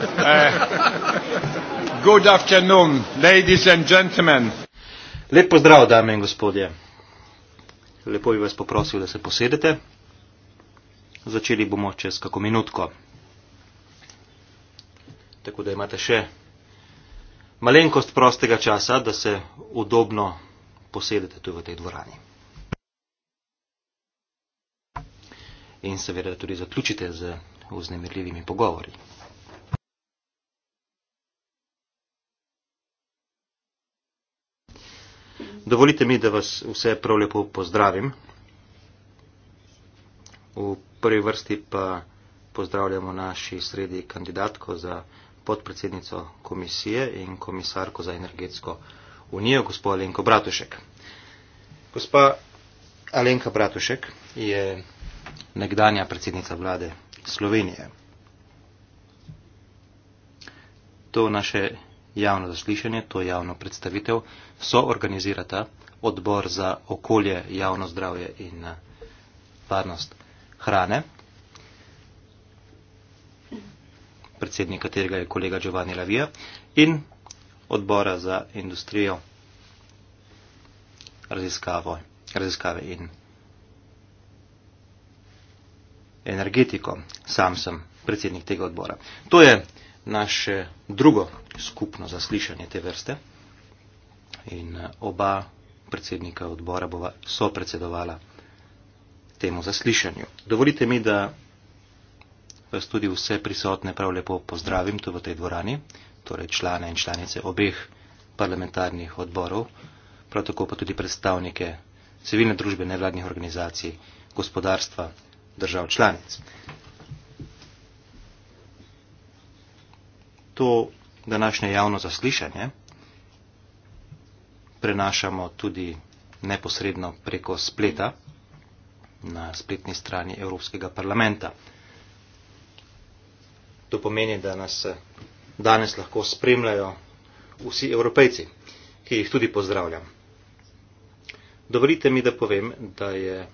Eh, good afternoon, ladies and gentlemen. Lep pozdrav, dame in gospodje. Lepo bi vas poprosil, da se posedete. Začeli bomo čez kako minutko. Tako da imate še malenkost prostega časa, da se udobno posedete tu v tej dvorani. In seveda tudi zaključite z vznemirljivimi pogovori. Dovolite mi, da vas vse prav lepo pozdravim. V prvi vrsti pa pozdravljamo naši sredi kandidatko za podpredsednico komisije in komisarko za energetsko unijo, gospod Alenko Bratušek. Gospa Alenka Bratušek je nekdanja predsednica vlade Slovenije. To naše javno zaslišanje, to javno predstavitev, so organizirata odbor za okolje, javno zdravje in eh, varnost hrane, predsednik katerega je kolega Giovanni Lavija, in odbora za industrijo, raziskavo, raziskave in energetiko. Sam sem predsednik tega odbora. To je naše drugo skupno zaslišanje te vrste in eh, oba predsednika odbora bova so predsedovala temu zaslišanju. Dovolite mi, da vas tudi vse prisotne prav lepo pozdravim tu v tej dvorani, torej člane in članice obeh parlamentarnih odborov, prav tako pa tudi predstavnike civilne družbe nevladnih organizacij, gospodarstva, držav članic. to današnje javno zaslišanje prenašamo tudi neposredno preko spleta na spletni strani Evropskega parlamenta. To pomeni, da nas danes lahko spremljajo vsi evropejci, ki jih tudi pozdravljam. Dovolite mi, da povem, da je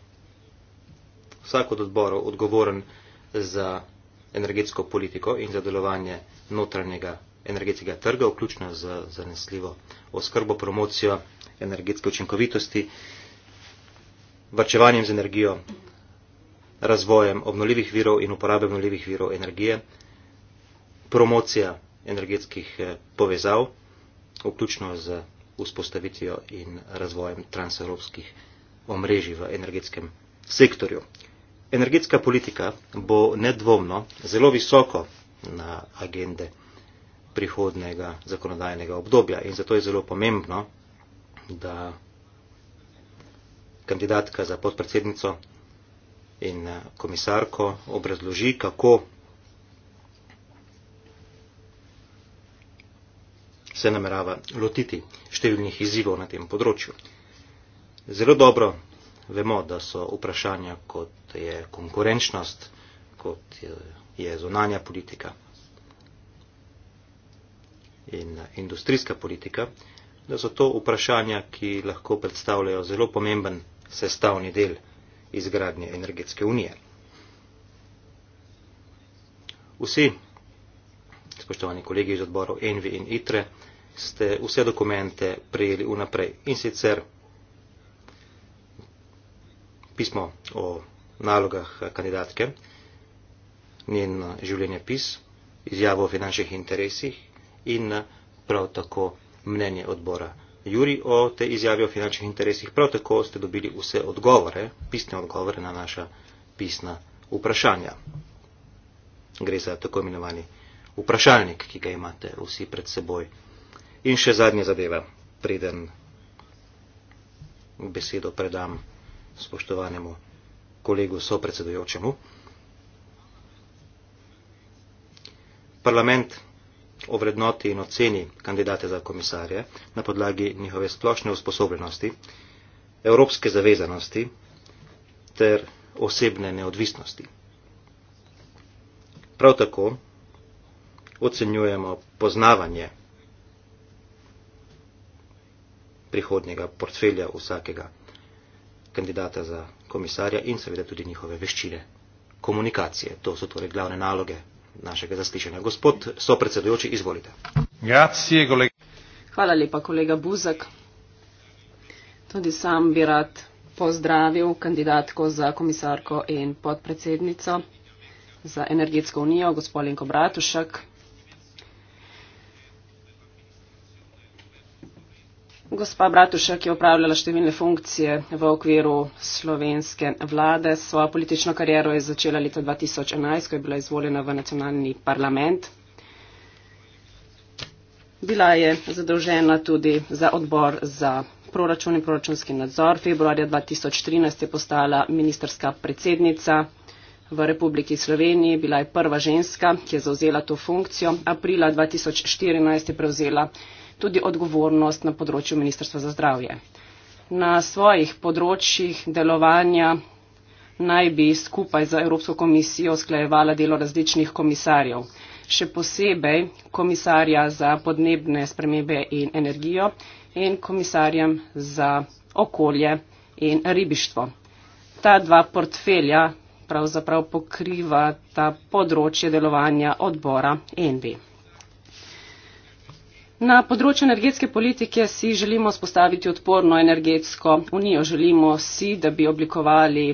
vsak od odborov odgovoren za energetsko politiko in za delovanje notranjega energetskega trga, vključno z zanesljivo oskrbo, promocijo energetske učinkovitosti, vrčevanjem z energijo, razvojem obnoljivih virov in uporabe obnoljivih virov energije, promocija energetskih eh, povezav, vključno z vzpostavitvijo in razvojem transevropskih omrežij v energetskem sektorju. Energetska politika bo nedvomno zelo visoko na agende prihodnega zakonodajnega obdobja in zato je zelo pomembno, da kandidatka za podpredsednico in eh, komisarko obrazloži, kako se namerava lotiti številnih izzivov na tem področju. Zelo dobro vemo, da so vprašanja, kot je konkurenčnost, kot je zonanja politika in industrijska politika, da so to vprašanja, ki lahko predstavljajo zelo pomemben sestavni del izgradnje energetske unije. Vsi, spoštovani kolegi iz odborov Envi in ITRE, ste vse dokumente prejeli vnaprej in sicer pismo o nalogah kandidatke, njen življenjepis, izjavo o finančnih interesih in prav tako mnenje odbora. Juri o te izjavi o finančnih interesih, prav tako ste dobili vse odgovore, pisne odgovore na naša pisna vprašanja. Gre za tako imenovani vprašalnik, ki ga imate vsi pred seboj. In še zadnja zadeva, preden besedo predam spoštovanemu kolegu sopredsedujočemu. Parlament ovrednoti in oceni kandidate za komisarje na podlagi njihove splošne usposobljenosti, evropske zavezanosti ter osebne neodvisnosti. Prav tako ocenjujemo poznavanje prihodnjega portfelja vsakega kandidata za komisarja in seveda tudi njihove veščine komunikacije. To so torej glavne naloge našega zaslišanja. Gospod sopredsedujoči, izvolite. Grazie, Hvala lepa, kolega Buzak. Tudi sam bi rad pozdravil kandidatko za komisarko in podpredsednico za energetsko unijo, gospod Linko Bratušek. Gospa Bratušek je upravljala številne funkcije v okviru slovenske vlade. Svojo politično kariero je začela leta 2011, ko je bila izvoljena v nacionalni parlament. Bila je zadolžena tudi za odbor za proračun in proračunski nadzor. Februarja 2013 je postala ministerska predsednica v Republiki Sloveniji. Bila je prva ženska, ki je zauzela to funkcijo. Aprila 2014 je prevzela tudi odgovornost na področju Ministrstva za zdravje. Na svojih področjih delovanja naj bi skupaj z Evropsko komisijo sklajevala delo različnih komisarjev, še posebej komisarja za podnebne spremembe in energijo in komisarjem za okolje in ribištvo. Ta dva portfelja pravzaprav pokriva ta področje delovanja odbora ENVI. Na področju energetske politike si želimo spostaviti odporno energetsko unijo. Želimo si, da bi oblikovali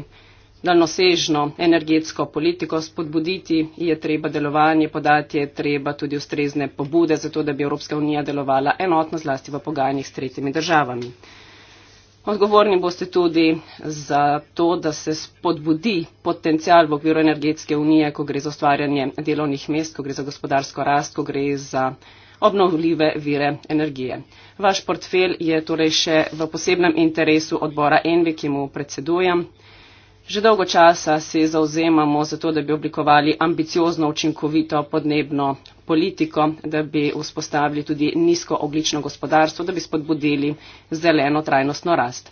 daljnosežno energetsko politiko, spodbuditi je treba delovanje, podati je treba tudi ustrezne pobude, zato da bi Evropska unija delovala enotno zlasti v pogajanjih s tretjimi državami. Odgovorni boste tudi za to, da se spodbudi potencial v okviru energetske unije, ko gre za ustvarjanje delovnih mest, ko gre za gospodarsko rast, ko gre za obnovljive vire energije. Vaš portfelj je torej še v posebnem interesu odbora Envi, ki mu predsedujem. Že dolgo časa se zauzemamo za to, da bi oblikovali ambiciozno učinkovito podnebno politiko, da bi vzpostavili tudi nizkooglično gospodarstvo, da bi spodbudili zeleno trajnostno rast.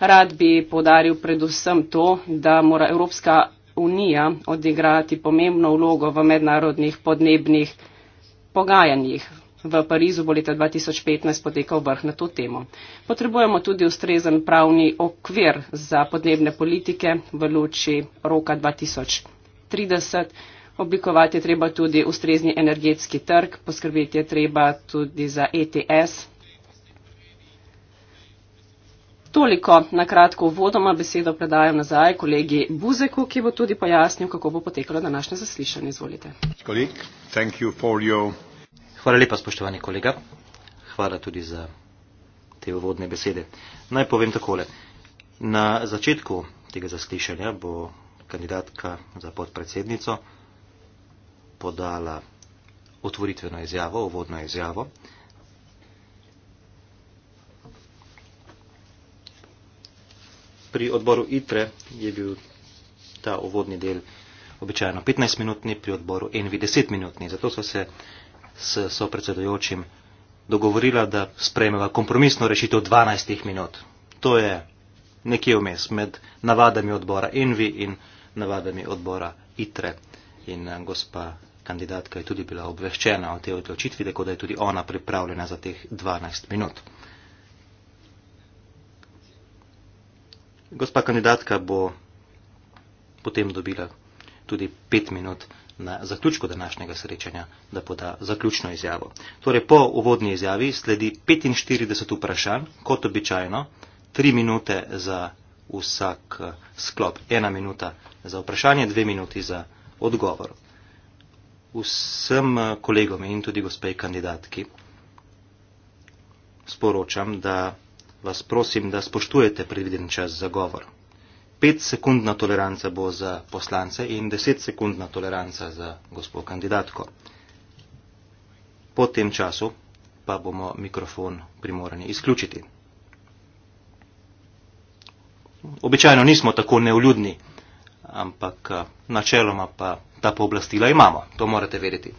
Rad bi podaril predvsem to, da mora Evropska unija odigrati pomembno vlogo v mednarodnih podnebnih pogajanjih, V Parizu bo leta 2015 potekal vrh na to temo. Potrebujemo tudi ustrezen pravni okvir za podnebne politike v luči roka 2030. Oblikovati je treba tudi ustrezni energetski trg, poskrbeti je treba tudi za ETS. Toliko na kratko vodoma besedo predajam nazaj kolegi Buzeku, ki bo tudi pojasnil, kako bo potekalo današnje zaslišanje. Izvolite. Kolik, Hvala lepa, spoštovani kolega. Hvala tudi za te uvodne besede. Naj povem takole. Na začetku tega zaslišanja bo kandidatka za podpredsednico podala otvoritveno izjavo, uvodno izjavo. Pri odboru ITRE je bil ta uvodni del običajno 15-minutni, pri odboru ENVI 10-minutni. Zato so se s sopredsedujočim dogovorila, da sprejmeva kompromisno rešitev 12 minut. To je nekje vmes med navadami odbora Envi in navadami odbora ITRE. In eh, gospa kandidatka je tudi bila obveščena o tej odločitvi, tako da je tudi ona pripravljena za teh 12 minut. Gospa kandidatka bo potem dobila tudi 5 minut na zaključku današnjega srečanja, da poda zaključno izjavo. Torej, po uvodni izjavi sledi 45 vprašanj, kot običajno, 3 minute za vsak eh, sklop, 1 minuta za vprašanje, 2 minuti za odgovor. Vsem eh, kolegom in tudi gospej kandidatki sporočam, da vas prosim, da spoštujete predviden čas za govor petsekundna toleranca bo za poslance in desetsekundna toleranca za gospod kandidatko. Po tem času pa bomo mikrofon primorani izključiti. Običajno nismo tako neuljudni, ampak eh, načeloma pa ta pooblastila imamo, to morate vedeti.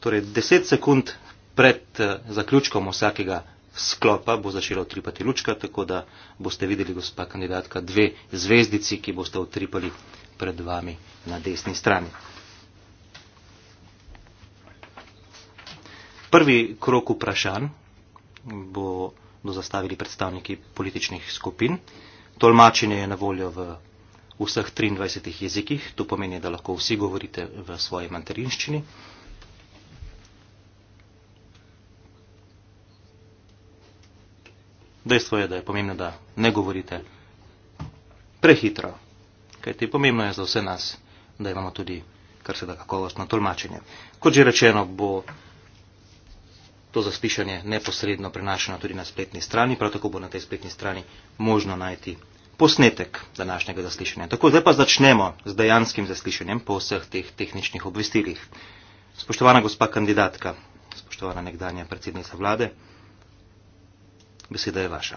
Torej, deset sekund pred eh, zaključkom vsakega sklopa bo začelo tripati lučka, tako da boste videli, gospa kandidatka, dve zvezdici, ki boste utripali pred vami na desni strani. Prvi krok vprašanj bo do zastavili predstavniki političnih skupin. Tolmačenje je na voljo v vseh 23 jezikih, to pomeni, da lahko vsi govorite v svoji materinščini. Dejstvo je, da je pomembno, da ne govorite prehitro, kajti pomembno je za vse nas, da imamo tudi kar se da kakovostno tolmačenje. Kot že rečeno, bo to zaslišanje neposredno prenašeno tudi na spletni strani, prav tako bo na tej spletni strani možno najti posnetek današnjega zaslišanja. Tako zdaj pa začnemo z dejanskim zaslišanjem po vseh teh tehničnih obvestilih. Spoštovana gospa kandidatka, spoštovana nekdanja predsednica vlade, beseda je vaša.